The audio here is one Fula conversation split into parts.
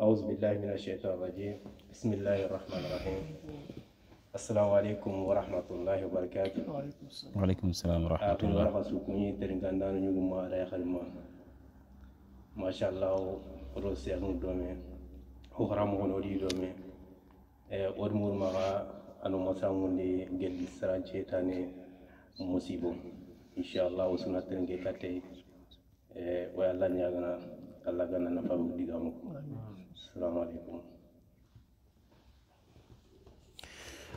أعوذ بالله من الشيطان الرجيم بسم الله الرحمن الرحيم السلام عليكم ورحمة الله وبركاته وعليكم السلام ورحمة آه، الله وبركاته أعطي الله سكوني ترنقان دانو نيوغو ما رأي خلما ما شاء الله روسي أغنو دومين وغرامو غنو دي دومين آه، ودمور مغا أنو مساهمون دي جل السران شيطاني مصيبو إن شاء الله وسنة ترنقى كتلي آه، ويا الله نياغنا allah ganna nafaɓe ɗigamu assalamu aleykum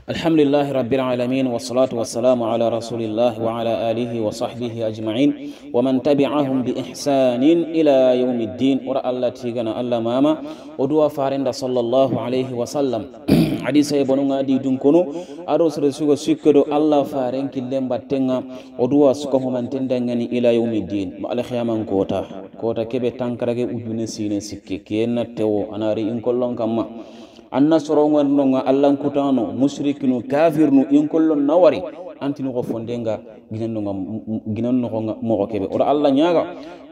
الحمد لله رب العالمين والصلاة والسلام على رسول الله وعلى آله وصحبه أجمعين ومن تبعهم بإحسان إلى يوم الدين ورأى الله تيغنا ألا ماما ودوا فارند صلى الله عليه وسلم hadisa e bonon adi dun kono aro sore sugo sikke do allah faren kille battenga o duwa suka ho man tendangani ila yawmi din ma al khiyaman kota kota kebe tankarage ujune sine sikke kiyenna tewo anari in kollon kamma an nasoro ngon non allah kutano mushrikinu kafirnu in kollon nawari antinoxo fondenga ginanoga ginannoxoga moxo keɓe oɗa allah ñaga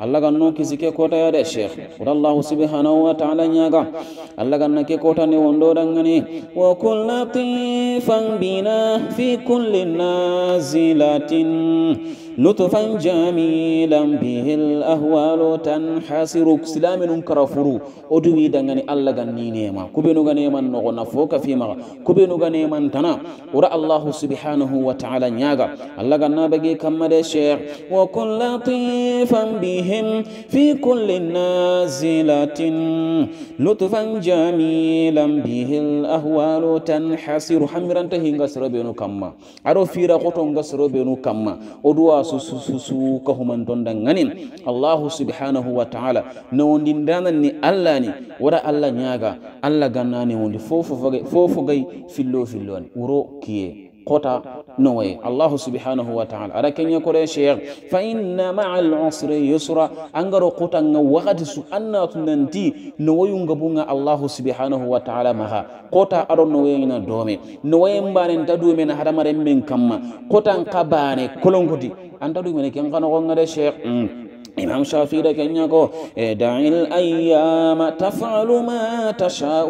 allah ganno kisi ke kotayade cheikh oɗa allahu subhanahu wa taala ñaga allah ganna ke kotane wondoɗangani wa kun latifan bina fi culli nazilatin نطفا جميلا به الأهوال تنحسر سلام نكرفر أدوي دعني الله غني نيما كبي نغني من نغنا فوق في مغا كبي نغني من تنا ورا الله سبحانه وتعالى نياغا الله غنا بجي كم شير وكن لطيفا بهم في كل نازلة لطفا جميلا به الأهوال تنحسر حمرا تهي نغسر بينو كما عرو فيرا قطو نغسر بينو كما أدوى susususuka homan tonda ganin allahu subhanahu wa taala no wondi ndananni allah ni wara allah ñaaga allah gannani wondi fofofogay fillo filloni wuro kiye kota no way allahu subhanahu wa taala ara keñe kore cheikh fa inna maa alusre yusra angaro kotanga wakati su annatunanti no wayu ngabunga allahu subhanahu wa taala maha kota aro no wayena doome no waye mbanen tadumen hadamaren men kamma kotan ka baane kolonkoti anta ɗumini ken kano kongede cheikh mm. إمام شافعي ركنيكو إيه، دع الأيام تفعل ما تشاء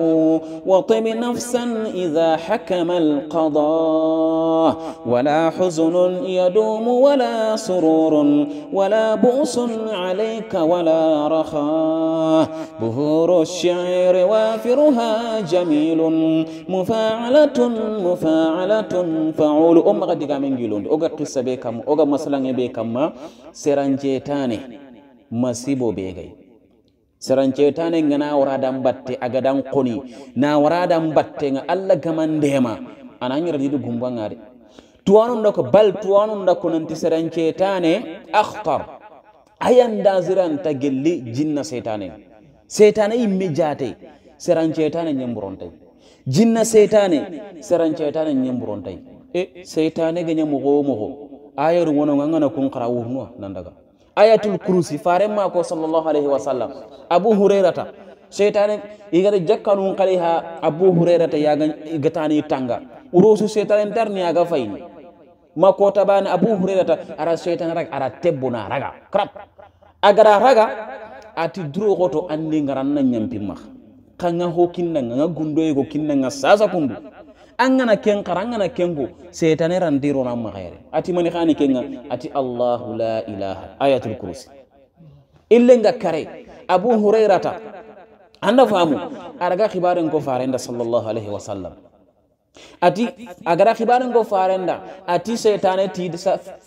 وطب نفسا إذا حكم القضاء ولا حزن يدوم ولا سرور ولا بؤس عليك ولا رخاء بهور الشعر وافرها جميل مفاعلة مفاعلة فعول أم قد من جلون أغا قصة بكم أغا مسلم بكم سرنجيتاني masibo be gay saranceetane nga na waradan batte a gadan koni na waradan batte nga allah gamandema ana yiradidi gumbanga de tuwanun dako bal tuwanun dako nanti saranceetane akhtar ayanda ziranta gelli jinna setane setane yimme jate saranceetane ñamburontay jinna setane saranceetane ñamburontay e setane ga ñamogo mogo ayaru wonoga ngana kun xara wurnuwa nandaga ayatul kurusi faren mako sallallahu alayhi wa sallam abu hurairata setane igata jakkanun kali ha abu hurairata yaga gatani tanga urusu setane darni aga fayni mako tabani abu hurairata ara setane rag ara tebuna raga krap agara raga ati droxoto andi ngaran na ñampi ma kanga ho kinna nga gundo yego kinna nga sasa kundu an gana ken kara an gana kengo setane randironan maxere ati mani xani kenga ati allahu la ilaha ayatul kursi illenga kare abu hurairata anda famu araga xibaren ko farenda salllahu alayhi wa sallam ati agara xibaren ko farenda ati setane ti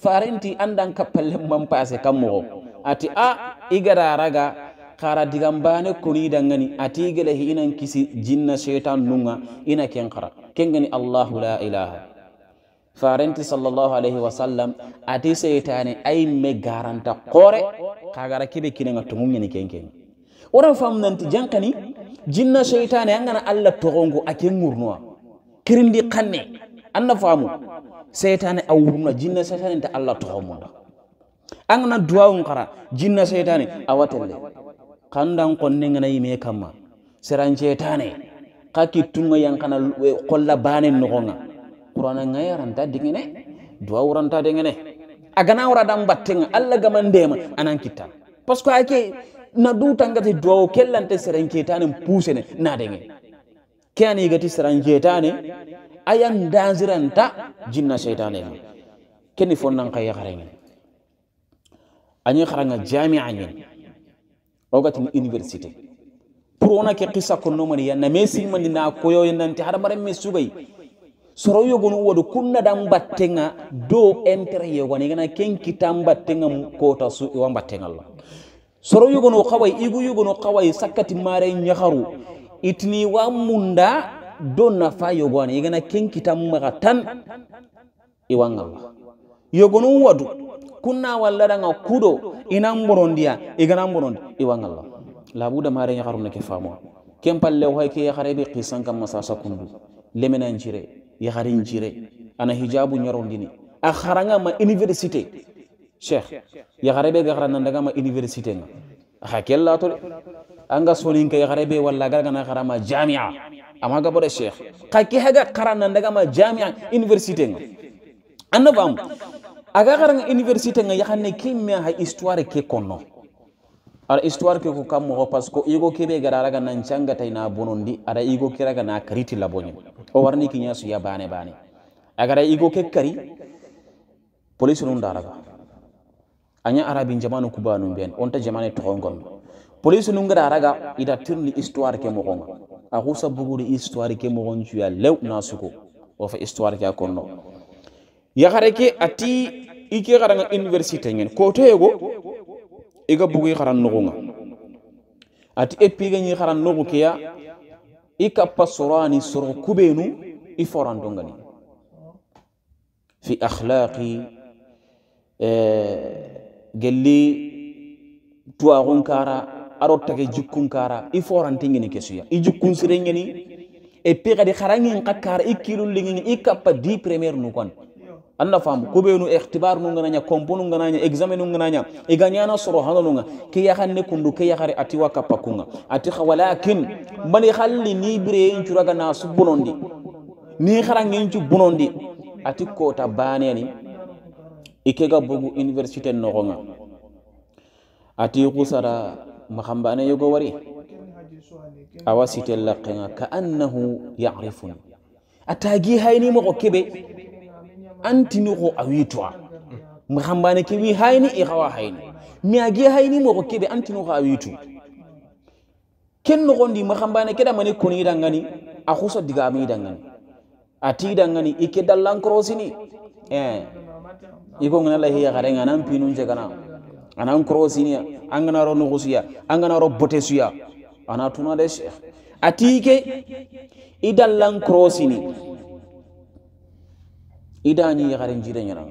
farenti andan kappalle man passé kam moxo ati a igara raga xara digan bane koni dangani ati gele hinan kisi jinna setan nunga ina ken xara kengani allahu la ilaha farenti sallllahu alayhi wa sallam ati seytani ayimme garanta koore kagara kebe kinenga tomuñani kenken waran famunanti jankani jinna seytani angana allah togongo ake ŋurnuwa kirindi kanne anna faamu seytani a wurnuwa jinna seytani nta allah togomunda angana duwawun kara jinna seytani awatelle kandan konnengana yime kamma seran seytane kaki tunga yang kana kola bane nogonga kurana ngayran ta dingene duwa uranta dingene agana ura dan alla ga anan kita pasko ake na du dua duwa kellante kita ketane pusene na denge kani gati seren ketane ayan danziranta jinna ne keni fon fonnan kay garenge anyi kharanga jami'a nyen ogatin university purona ke kisa konnomaniya name silmani na koyoye nanti hadamaren me sugay soro yogonu wadu kunna dan battenga do intérêt yogoni gana ken kitan battenga kota su iwan battenga Allah soro yogonu kawai igu yogonu kawai sakati mare nyaharu itni wa munda do nafa yogoni gana ken kitan maga tan iwan Allah yogonu wadu kunna wallada nga kudo inan borondiya iganan borondi iwan Allah labuda mare yaharu neke famoa ken palle hay ke yahare be kisan kam masa sakundu lemena jire yahari jire ana hijabu nyarondini a kharanga ma université cheikh yahare be gahara nan daga ma université nga ha kella to anga sonin ke yahare be walla gaga na kharama ma jami'a amma ga bare cheikh ka ke haga kharan nan daga ma jami'a université nga anna bam aga kharanga université nga yahane kimya ha histoire ke konno ara histoire ke ko kammoxo par ce que igo kebe gara raga nan cangatay na bonondi ara igo ke raga na kariti laboñe o warni kiña suya bane bane agara igo ke kari police nun daraga aña arabi jamanu kubanu ben onta jamane toxongondo police nun gara raga ida tirni histoire ke moxonga axu sa buguri histoire ke moxon cuya lew na suko wo fa histoire ke a konno yaxare ke ati ike xaranga université ngen ko toyego i ga bugu i xara noxunga ati epigeni xara noxu keya i kappa sorani soro kubenu i forandongani fi axlaqi e, gelli tuwaxunkara aro tage jikkunkara i forantingeni kesuya i jikkun sirengeni epi xadi xarangen xa kara i kilulingeni i kappa 10 premiere nu kon anna faam kuɓeenu ixtibar nungananya compo nungananya examen nungananya iganyana e soro hano nunga ke yahanne kundu ke yahare atiwa kappa kunga ati walakin mbani halli ni bireyen curaga nasu bunondi ni harangencu bunondi ati kota baneni ikega bogu université nogonga ati kusara mahambane yogo wari awa sitel lakenga ka annahu yarifun atagi hayni mogo kebe antini xo a witowa mi xambane ke wi hayni i e xawa hayni mi a gie hayni moxo keɓe antini xo a witu ken noxondi mi xambane ke damani koniidangani a xusa digami idangani a tiidangani i ke dallankorosini e eh, i kongina lahiya xarenga anan pinu njegana anan korosinia an ganaro nuxusuya an ganaro bote suya ana tuna de cheikh a tii ke i dallankorosini idani yakhare njire ñonan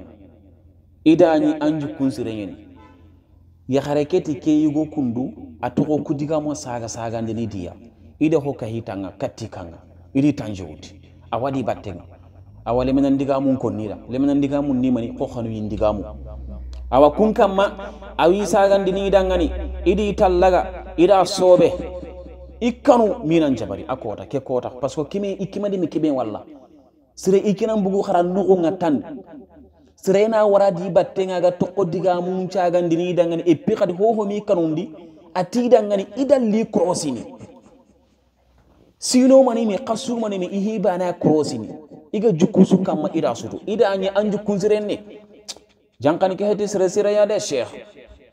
idani anju kunsire ñani yakhare keti ke yigo kundu a togo kudigamo saga sagandini diya ida ho kahitanga katti kanga idi tanjewuti a wadi battenga awa lemenan ndigamun konnira lemenan ndigamun nimani ko xanu yi ndigamu awa kun kamma awi sagandini idangani idi tallaga ida sobe ikkanu minan jabari a kota ke kota parce que kime ikkimadimi kiɓen walla sire i kenan bugu xara luxunga tan sirena waradi battengaga toqo diga muncagandini i dangani e pi xadi xoxomi kanundi a ti dangani i dalli krosini sinomanimi xa sumanimi i xibana krosini i ga jukkusu kamma ida sutu i da ñe an jukkun siren ne jankani ke xeti sire sireya de cheikh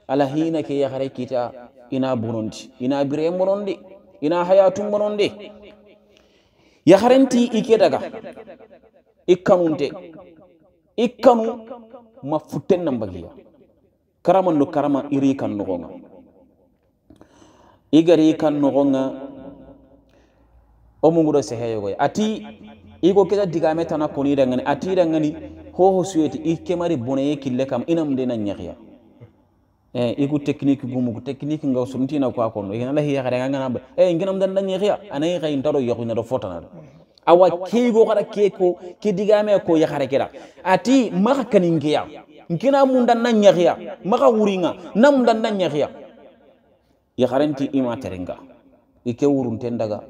ala xiina ke yaxare kita ina bononndi ina bire monondi ina hayatu monondi yaharenti iketaga ikkanunte ikkanu ma futten nan bagiya karaman no karama iri kan nogonga igari kan nogonga omungudo seheyogoy ati igo keta digame tana koni dangani ati dangani hoho suyeti ikkemari boneye kille kam inam de nan yahiya Eh, igu technique gumug technique nga sumtina eh, ko akono ina la hiya ganga na e nginam dan dan yiya anay xey ndaro yoxu na do fotana awa kego gara keko ke digame ko ya xare kera ati ma kan ingiya ngina mun dan nan yiya ma wuringa nam dan dan yiya ya xarenti ima terenga e ke wurun ten daga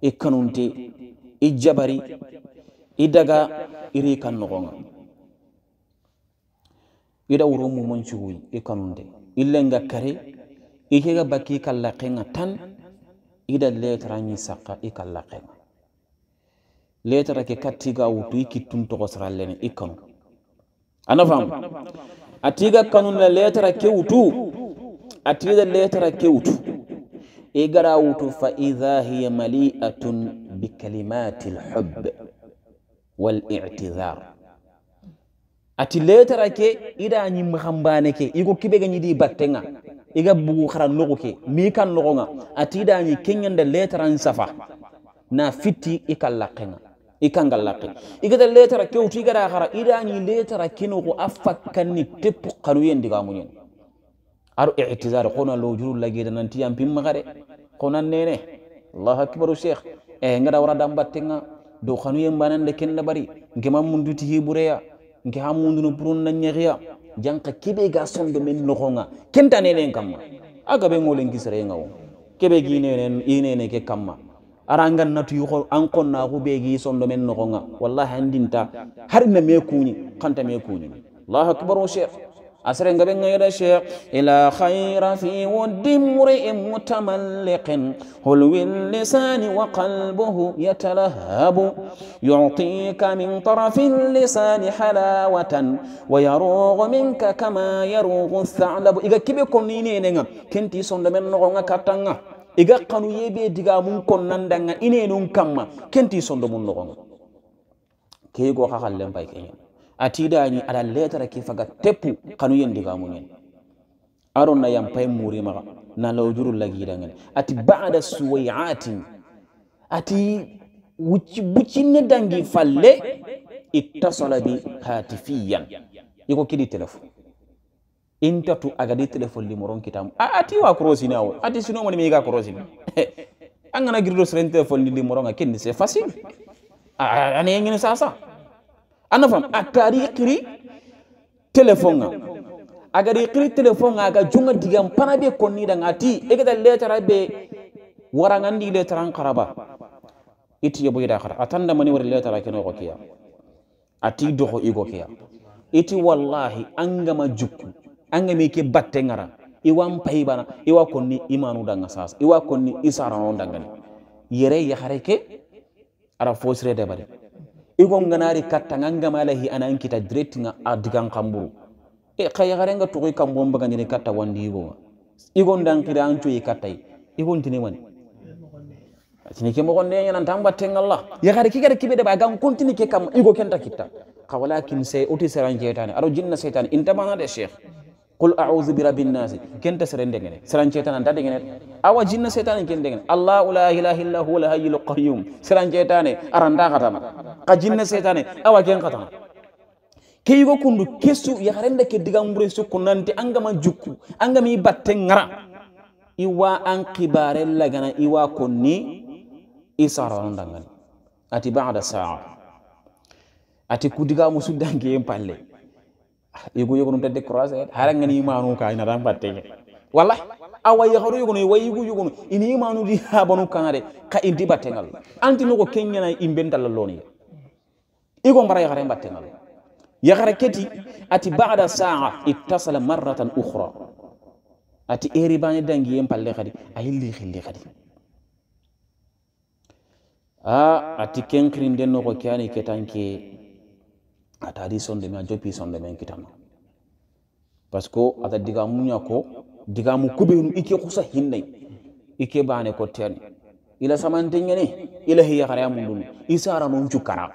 e kanunte e jabari e daga iri kan no gonga ida wurumu moncuguyi i kanunde ille nga kare i kega bakki i kallakenga tan ida letara ñi sakka i kallakenga letara ke kattiga wutu i kittun togosirallene i kanu a nafam a tiga kanunde letara ke wutu a tida letara ke wutu i gara wutu fa ida hiya mali'atun bikalimati lhub walitidar ati letara ke ida ñim xambane ke iko kibe gañidi batte nga iga bugu xara noxu ke mi kan noxo nga ati ida ñi keñande letaran safa na fitti i kan laqe nga i kan ga laqe igata letara ke wuti igada xara ida ñi letara kinoxu a fakkanni tepp xanuye ndigamuñen aro ictisar xona lojuru lagida nanti yampim maxare xona nene allahu akbaru cheikh eh ngada wara dam batte nga do xanuye mbanande kenna bari ngema munduti hiburea nke ha mundunu puronna ñexiya janka keɓe ga sondo men noxonga kenta nenen kamma a gabe ngolen kisereenga wo keɓe gi inene ke kamma arangan natuyi xo an qonnaxu ɓeegi sondo men noxonga wallahi andinta harina me kuñi xanta me kuñini allahu akbar o cheikh asre ngaɓe gayda cheikh ila hayra fi woddi mri'i mutamalliqin holwil lisani wa qalbuhu yatalahabu yutika min tarafi llisani halawatan wa yarugu minka kama yarugu thalabu iga kiɓe ko ninenega kenti sondomen nogoga kattaga iga kanu yeɓe diga mum kon nandaga inenun kamma kenti sondomum nogoga keygo haxallen bay keñen a tidani ala letara ki faga teppu kanu yendigamuñen aron na yampay murimaxa na lawjuru lagidangen ati bada suwayatin ati wucci buccinne dangi falle ittasala bi hatifiyan iko kidi telefon intatu agadi telefon limoron kitamu a atiwa korosini awo ati sinomani miga korosini a ngana girdo seren telefon ni limoronga kendi se facile aneyengini sasa a nafam a kaari kiri téléphone ŋa a gari kiri téléphone ŋa a ga junga digan pana be konnida ŋa ti i gata letara be waraŋandi letaran karaba iti yoboyida kara a tan damani wari letara kene xo keya a ti doxo igo keya iti wallahi an gama jukku an gama ke batte ŋara iwa n pay bana iwa konni imanu danga sas iwa konni isarano dangani yere yaxare ke ara fosire debari igonganari katta ngangamalahi anankita direct nga adigan kamburu e khayarenga to ko kambo mbagani ne katta wandi go igon dankira ancho yi katta igon tini wani tini ke mo gonne nan tan batte ngalla ya gari kigar kibe de ba gan kontini ke kam igo kenta kitta ka walakin sai oti saran jeetani aro jinna setan intama na de sheikh qul audu birabinnasi kente sere ndegene seran cetane anta degenet awa jinna setane ken degene allahu la ilaha illa huwa lhayi lqayum seran cetane aranda xatana xa jinna setane awa ken xatana keyigo kundu kesu yaxarenda ke digamure sukunanti angama jukku angama i batte ngara iwa an xibare lagana iwa konni i saranu dangani ati bada saa ati kudigamusu dangeyen palle yugu yugunu tedde croisade hara ngani imanu ka ina ran batte wallahi awa yaharu yugunu way yugu yugunu ini imanu di ha banu kanare ka indi batte ngal anti no ko kenyana imben dalal loni igo mara yahare batte ngal yahare keti ati ba'da sa'a ittasala marratan ukhra ati eri bani dangi yem palle khadi ayilli khilli khadi a ati kenkrin denno ko kyani ketanke atadi sonde mea jopi sonde men kitano parce que ata diga muña ko diga mu kubenu ike kusa hinnay ike bane ko terni ila samante ñene ila hiyakaraya mundunu isara noncu kara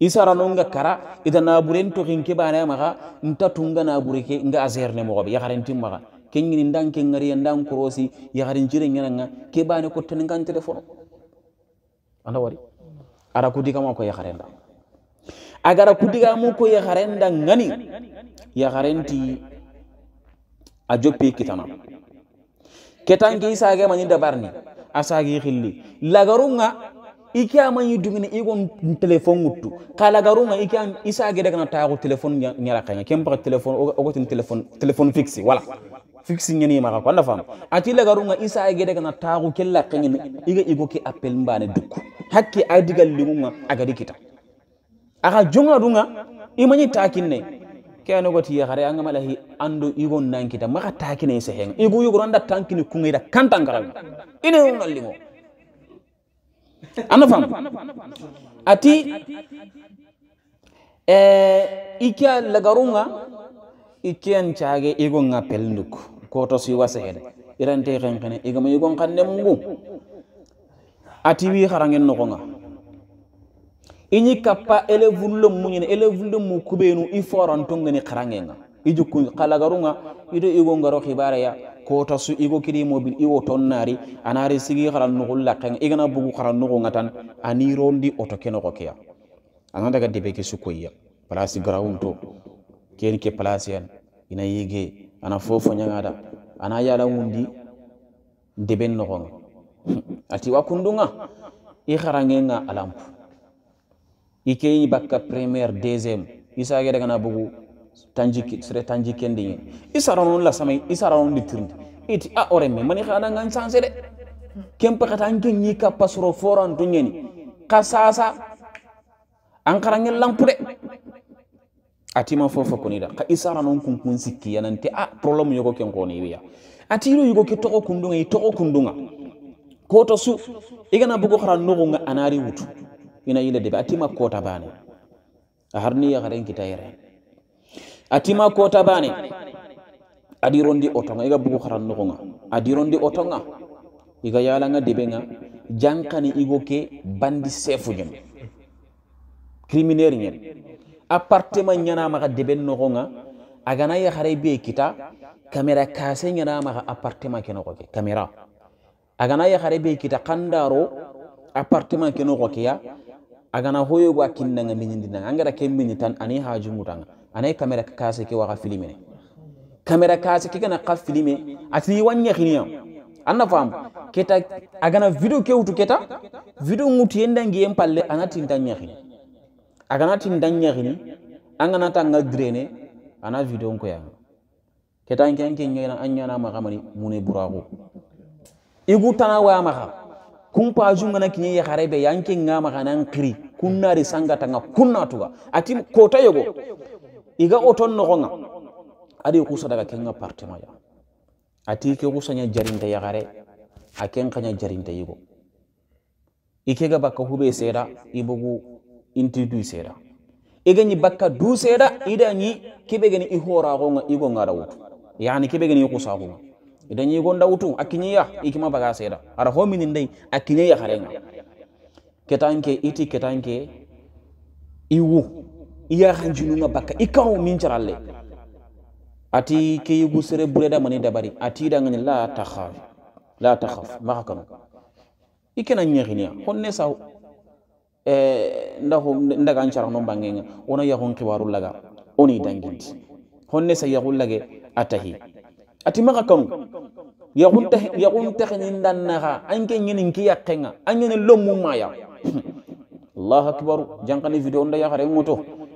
isara nonga kara ita naburen tokin ke baneya maxa nta tunga naburi ke nga agerne moxoɓe yakarentin maxa keini ndan ke ngariya ndan krosi yakarin cire ñenanga ke bane kottenengan téléphone anda wari ara ku dikamako yakarenda agara kudiga mu ko yaharenda ngani yaharenti a joppi kitana ketanke i sage mañi dabarni a sagi xilli lagarunga i ke a mañi dugini i gon telephone wuttu xa lagarunga i ke i sage dagana taxu telephone ñaraxenga kem paxa telephone ogotin telephone telephone fixe wala fixe ñani maxa ko anda fam ati lagarunga i sage dagana taxu ke laqengen i ga igo ke appel mbane dukku hakke a digal limunga agadi kita axa jongaɗunga imañi takinne kenogoti yaxare a ngamalahi ando igo nankita maxa takine sehenga igu yugoranda tankini kungeyta kantangaranga ineunga lingo ana fam ati e ike lagarunga iken cage igonga pelnuk koto siwa sehede irante xenxene igama igon xannemungu ati wi xarangen noxonga iñi kappa élévule muñene élévule mu kubenu i forantongeni xarange nga i jukku xalagarunga ido igo ngaro xibaraya kota su igo kiri mobile iwo ton nari anari sigi xara nuxu laqenga igana bugu xara nuxu nga tan anirondi oto ke noxo ke ya ana daga debe ke sukoyya place grawunto keni ke place yan ina yige ana fofo ñangada ana yala wundi deben noxonga ati wa kundunga i xarange nga alampu i keyi bakka premiére deuxiéme isage dagana bogu sere tanji kendi ñin i saranon la samay i saranon di tirindi iti a oreme mani xanangan changé de kempexetan ke ñi kappasoro foranto ñeni xa sasa an xarange lampu de atima fofo koni da xa i saranon kunkun sikki yananti a problème yogo ken xoni ɓeya atiro yogo ke toxo kundunga i toxo kundunga koto su i gana bogo xara noxunga anari wutu ina yile de be atima kota bane a harni ya garen kita yere atima kota bane adi rondi otonga iga bugu haran no nga adi rondi otonga iga yala nga debe nga jankani igo ke bandi sefu jen criminaire nyen appartement nyana maga debe no nga aga na ya hare be kita camera kase nyana maga appartement ke no ko ke camera aga na ya hare be kita kandaro appartement ke no ko ke ya agana hoyogo a kinnaŋa miñindinaŋa angara ke miñi tan ani hajumutaŋa anayi kamera kase ke waxa filime ne kamera kase ke gana xa filime atini waññexiniya anna faam keta agana vidéo ke wutu keta vidéo ŋutu yendangiyen palle ana tinta ñexini agana tinta ñexini anganata ŋa direne ana vidéo nkoyaŋa keta nke anke a ñana maxamani mune buraxu igu tana waya maxa kumpajunga na kiñe yaxarebe yanke ŋa maxa nan xiri kunnari sangatanga kunnatuga ati kotayogo iga oton nogonga adi kusa daga kenga parti maya ati ke kusa nya jarinta yagare aken kanya jarinta yigo ikega bakka hube seda ibugu intitu seda igani bakka du seda idani kibegeni ihora gonga igo ngara wutu yani kibegeni kusa gonga idani gonda wutu akinya ikima baga seda ara homi ninde akinya yagare nga ketanke iti ketanke iwu iyaxanjinunga bakka i kawo min caralle ati ke yigu sere bureda mani dabari ati dangani la takhaf la takhaf maxa kanu i kena ñexinia honne saw e, ndaxu ndaga ncarano mbangenga wona yaxun xibaru laga oni danginti honne sa yaxu lage a taxi ati maxa kanu yaxun taxenin dan naxa anke ñenin ki yaqenga a ñenin lomu maya allahu akbar jankani video ndayaxare ngoto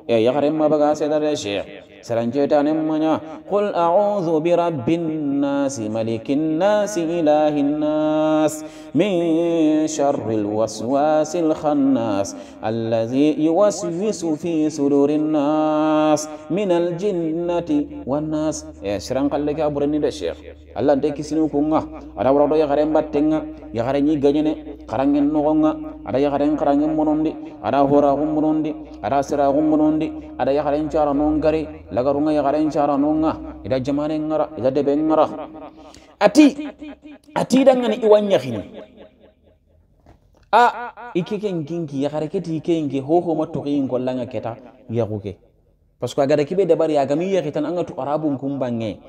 ya yakrim ma bagas dar syekh saranjetan emnya qul a'udzu bi rabbin nas malikin nas ilahin nas min sharril waswasil khannas allazi yuwaswisu fi sudurin nas minal jinnati wan nas ya siran ka burani da syekh allah de kisinu ku nga ada wara do ya kare mbatte ya kare ni gañene karangen no nga ada ya kare karangen monondi ada hora gumbonondi ada sira gumbonondi kundi ada yakharen cara non gari lagarunga yakharen cara nonga ida jamane ngara ida debe ngara ati ati dangani iwanya khini a ikeke nginki yakhare keti ikenge ho ho matoki ngollanga keta yaguke parce que agada kibe dabari agami yakitan anga tu arabun kumbange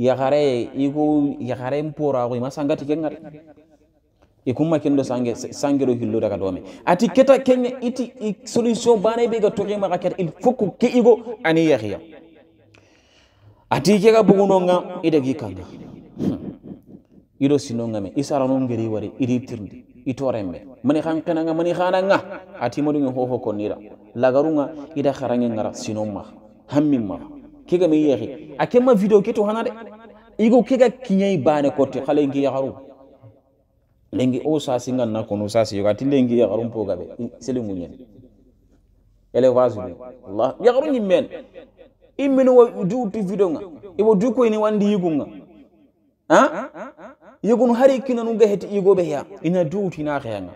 yakhare igu yakhare mpora ko tike kengari e kumma kendo sange sangero hilloda ka doome ati keta kenya iti solution banay ɓega toxima xa keta il faut ko keƴigo ani yaxiya ati kega bugunonga i degi kanga hmm. ido sinonga me i sarano ngeri ware iri tirndi i toorenɓe mani xan xenanga mani xananga ati moɗuge xoofo konnira lagarunga ida xarange ngara sinon maxa hammin maxa kega me yaxi a kenma video ke to xana de igo kega kiñayi bane kotte xale nke yaxaru lengi o oh, sasi ganna kono sasi yoga ti lengi yakarum po gabe sele munyen ele vasu ni allah yakaru ni men imminu wa du tu vidonga ibo du ko ni wandi yigunga ha yigunu hari kino nu gehet igo be ya ina du ti na khanga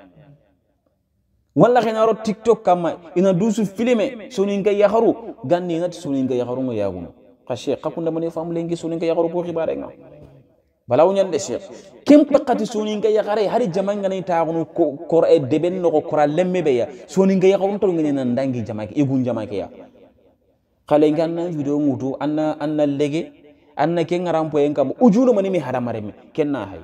walla khina ro tiktok kama ina du su filme suni ngay yakaru ganni ngat suni ngay yakaru ngo yagunu qashi qakunda mani famu lengi suni ngay yakaru ko khibare nga bala wuñande cheikh kempe kati soninga yakhare hari jamanga nay taxunu kor e deben noxo kora lemme be ya soninga yakharun taru ngene na ndangi jamake igun jamake ya xale nga anna video ngutu anna anna lege anna ke ngarampo en kam ujulu manimi haramare me kenna hay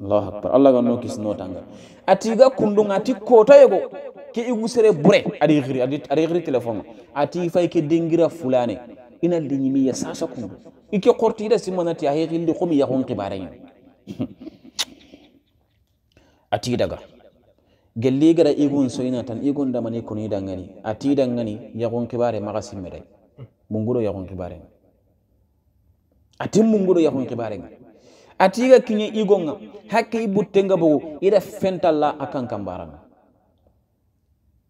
allah akbar allah ga no kis no tanga atiga kundunga ti kota yego ke igu sere bure adi khiri adi khiri telefono ati fay ke dengira fulane ina liñimiya sasa kun ike korti ida simanati a hexilli xomi yaxun xibarayen a tidaga gelli gara igun soyina tan igun damani kuni dangani a tidangani yaxun xibare maxa simmeday munguro yaxun xibaren atin munguro yaxun xibaren a tiga kiɲe igonga hakke i buttenga bogo ida fentalla a kan kanbaranga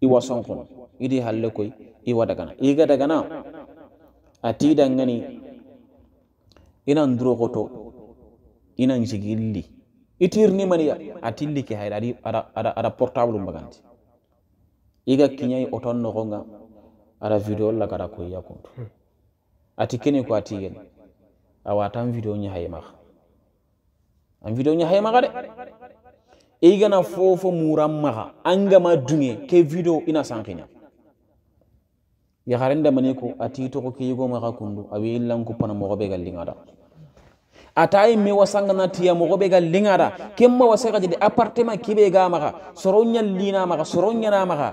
i wason kun idi halle koy i wa dagana iga dagana a tiidan gani inan durogoto inan jigilli itirnimani a tillike hayr ada portable maganti iga kiñayi oton nogonga ada video la gara koyya kuntu ati kene ko a tigeni awatan video ñahaymaha an video ñahaymaha de igana fofo muran maha angama dunge ke video ina sankiña yaharenda mani ko a titoxo ke yigo maxa kundu a wei lanku pana moxo be gallingada ata yi me wasangana tiya moxo be gallingada ken ma wase xa jedi appartement kebe ga maxa soronya lina maxa soronyana maxa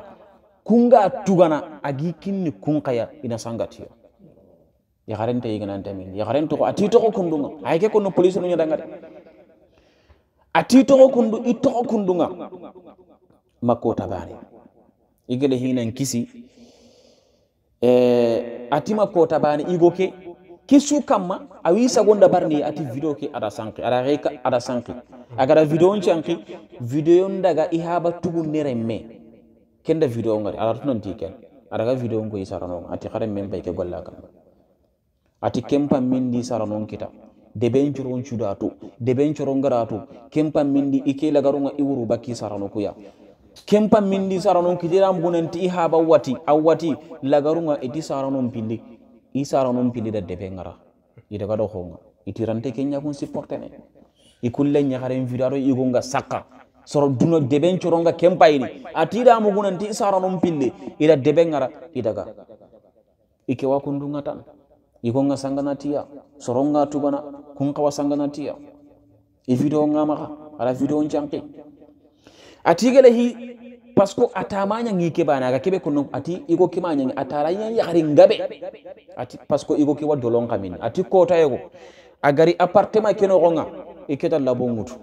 kunga tugana a gi kinni kun xaya ina sanga tiya yaxarenta yiganantamin yaxaren toxo a titoxo kundunga aye ke konno police nu ñadanga de a titoxo kundu i toxo kundunga makko tabane i gele hinan kisi e atima kota bani igo ke kisu kamma a wi sagonda barni ati video ke ada sanki ada reka ada sanki agara video on sanki video ndaga ihaba tubu nere me kenda video ngari ada tunon tiken ada ga video ngo isarano ati kare men bayke golla kam ati kempa min di sarano kita de ben churon chudatu de ben churon garatu kempa min di ike lagaru nga iwuru bakki sarano kuya kempa mindi saranon kijiram gunanti i haba wati awati lagarunga iti saranon pindi i saranon pindi da debe ngara i daga do honga iti rante kenya kun supporte ne i kulle nyagare nviraro i gonga saka soro duno debe nchoronga kempa ini ati da mu gunanti i saranon pindi i da debe ngara i daga i kewa kundunga tan i gonga sangana tiya soronga tubana kun kawa sangana tiya i video ngama ala video nchanki ati gele hi parce que a tamañangi ke banaga keɓe ko non ati igo ke mañangi a tara yan yahari ngaɓe ati parce que igo ke wa dolon kamin ati kotayego a gari appartement kenoxonga i keta labo ŋutu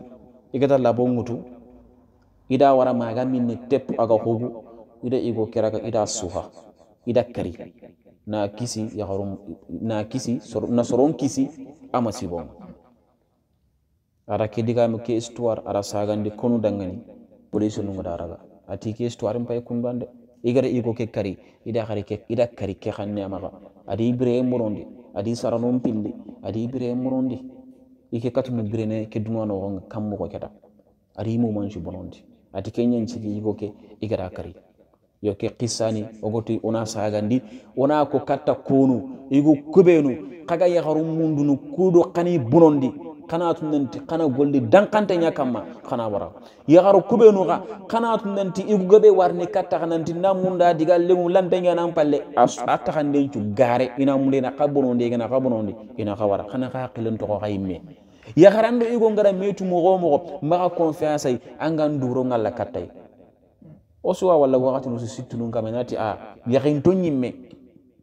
i keta labo ŋutu ida wara maga min ne tep aga xugu ida igo keraga ida suha ida kari na kisi yaharum na kisi sor, na soron kisi ama sibon ara ke digame ke histoire ara sagandi konu dangani boɗa sonugoɗaraga ati ke stoirem pay kunbande igara iko ke kari ida kari ke ida kari ke xanne amaga adi bire murondi adi sarano pilli adi bire murondi ike katunu birene ke duna noxonga kam mogo keta adi mumansi bonondi ati ke ñancigi iko ke igara kari yo ke xissani ogoti ona sagandi ona ko katta kunu igo kubenu xaga yaxaru mundunu kudo xani bonondi kanatu nanti kana golli dankante ña kamma kana wara yaharo kuɓenu xa kanatu nanti igugaɓe warni ka taxa nanti namunda diga lemu lanteñanan palle a taxandencu gare ina mundena xa bonondi gana xa bonondi ina xa wara xana xa xilentoxo xa yimme yaxarando igo ngara metu moxo moxo maxa confiance ay angan duro ngalla kattay o suwa walla waxatinosi sittunun kame nati a yaxin to ñimme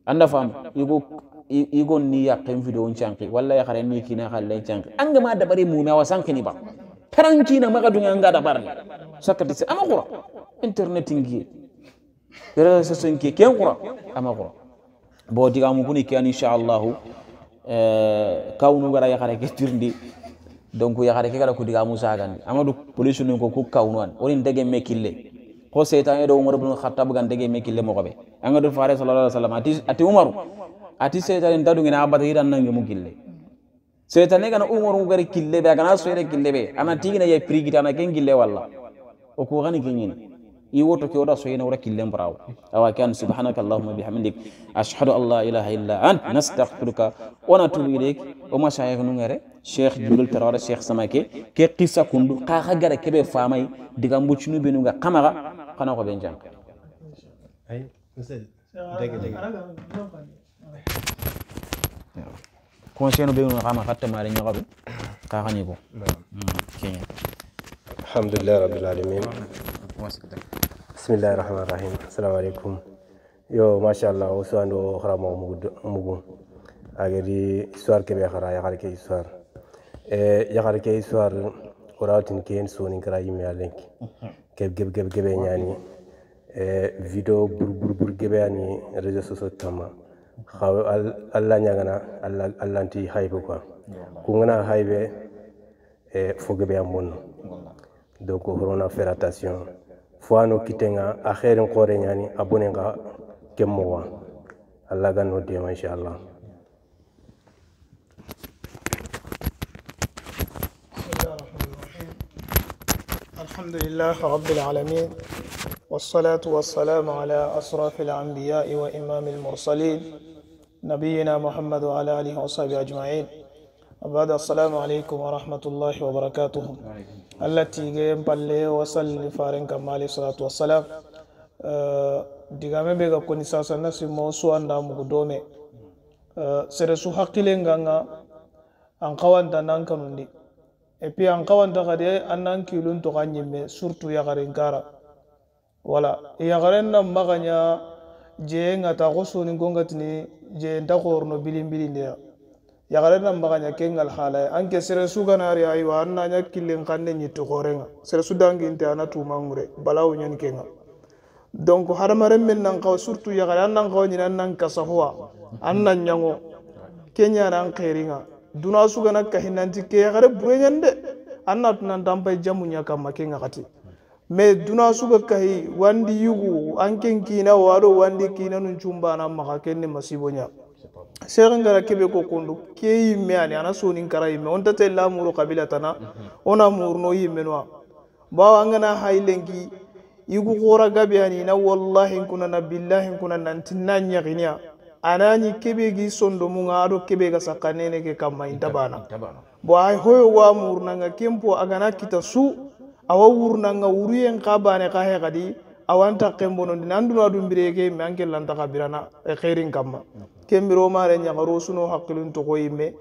anda faam igo igon ni yakken vidéo nthianki walla yakhare ni kina khalle nthianki anga ma dabari mume awa sankini ba parankina maga dunga nga dabarni sakati se ama khura internet ngi réseau social ngi ken khura ama khura bo diga mu kuni kian inshallah euh kawnu gara yakhare ke tirndi donc yakhare ke kala ko diga mu sagandi ama du police ni ko ku kawnu an woni dege me kille ko setan e do umar ibn khattab gan dege me kille mo gobe anga do faare sallallahu alaihi wasallam ati ati umar ati seytani daɗugene abata hiran nange mu gille seytane gana umor mu gare killeɓe agana soyre killeɓe ana tigina ye prigite ana ken gille walla o kuxani keñini i woto ke oɗa soyene wora killen braw awa ke an subhanaka allahuma bihamdik ashhadu an la ilaha illa ant nastahfiruka ona tuɓirek o masayeh nugere cheikh jibril tarawara cheikh samake ke qissa kundu xaxa gara keɓe famay diga mbuccinu benuga xamaxa xana xoɓe jang conseil no be no kama fatta mare nyaga be ka hani ko kenya alhamdulillah rabbil alamin بسم الله الرحمن الرحيم السلام عليكم yo machallah o suwando xara mo mugu agadi histoire keɓe xara yaxar ke histoire yaxar ke histoire o rawatin ke en sonin kara yimme a lenki geb geb geb geɓe ñani video bur bur bur geɓe ani réseau sociaux tama allah ñagana allanti haybe quoi kungana haybe e fogebe a bonno donc horona faire attention fo ano kitenga a xeerin qoore ñani a bonenga ken mowa allah ga no dema inchallah الحمد لله رب العالمين والصلاة والسلام على أشرف الأنبياء وإمام المرسلين نبينا محمد وعلى آله وصحبه أجمعين بعد السلام عليكم ورحمة الله وبركاته التي جيم بالله وصل لفارن كمال الصلاة والسلام آه، دعامي بيجا كوني koni sasa nasimo su anda mugu dome sere su hakkile nganga an kawanta nan kanundi et puis an kawanta kadi wala yagarenna maganya jee ngata ko soni gongatini je nta korno bilin bilin deya yagarenna maganya ke ngal halaye anke sere suganari aywa annanya killin kanne ñitti korenga sere su danginte ana tumangure balawo ñani kenga donc hadamaren men nankawo surtout yagare an nankawo ñini an nan kasahuwa an nan ñango keñani an xeringa duna sugana kahinanti ke yagare bureñande an natunantanpay jamuña kamma kenga xati me duna suga kahi wandi yugu an ken kinawo aɗo wandi kinanu cumbana maha kenni masiboya sehe ngara kebe ko kondu ke yimme ani ana sonin kara yimme on tate lamuro kabila tana ona murno yimme nuwa bawo an gana hailenki yugu hora gabe ani na wallahi nkunana billahi nkunana ntinna nyakiniya anani kebe gi sondomunga aɗo kebe ga sakka neneke kamma intabana bo ahoyo wa murnanga kempo agana kita su awa wurnanga wuruyen ka bane ka he kadi awanta kembonondi nanduno adu mbire keyimme an kellanta ka birana e herin kamma kembiro mare yakaro suno hakkilin togo yimme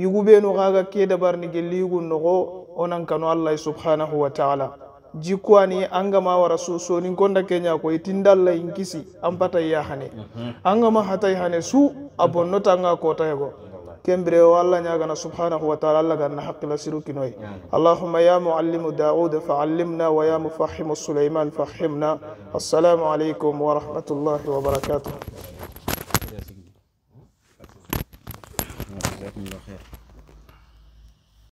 yugubenu kaga ke dabarni gelli yugun nogo onan kano allah subhanahu wa taala jikkuani angama wara sosonin konda kenya koy tindalla in kisi an patay yahane mhm. angama hatay hane su a bonnotanga kotayego كمبري والله نجعنا سبحانه وتعالى لجعنا حق لا نوي نعم. اللهم يا معلم داود فعلمنا ويا مفحم سليمان فحمنا السلام عليكم ورحمة الله وبركاته جزاكم الله خير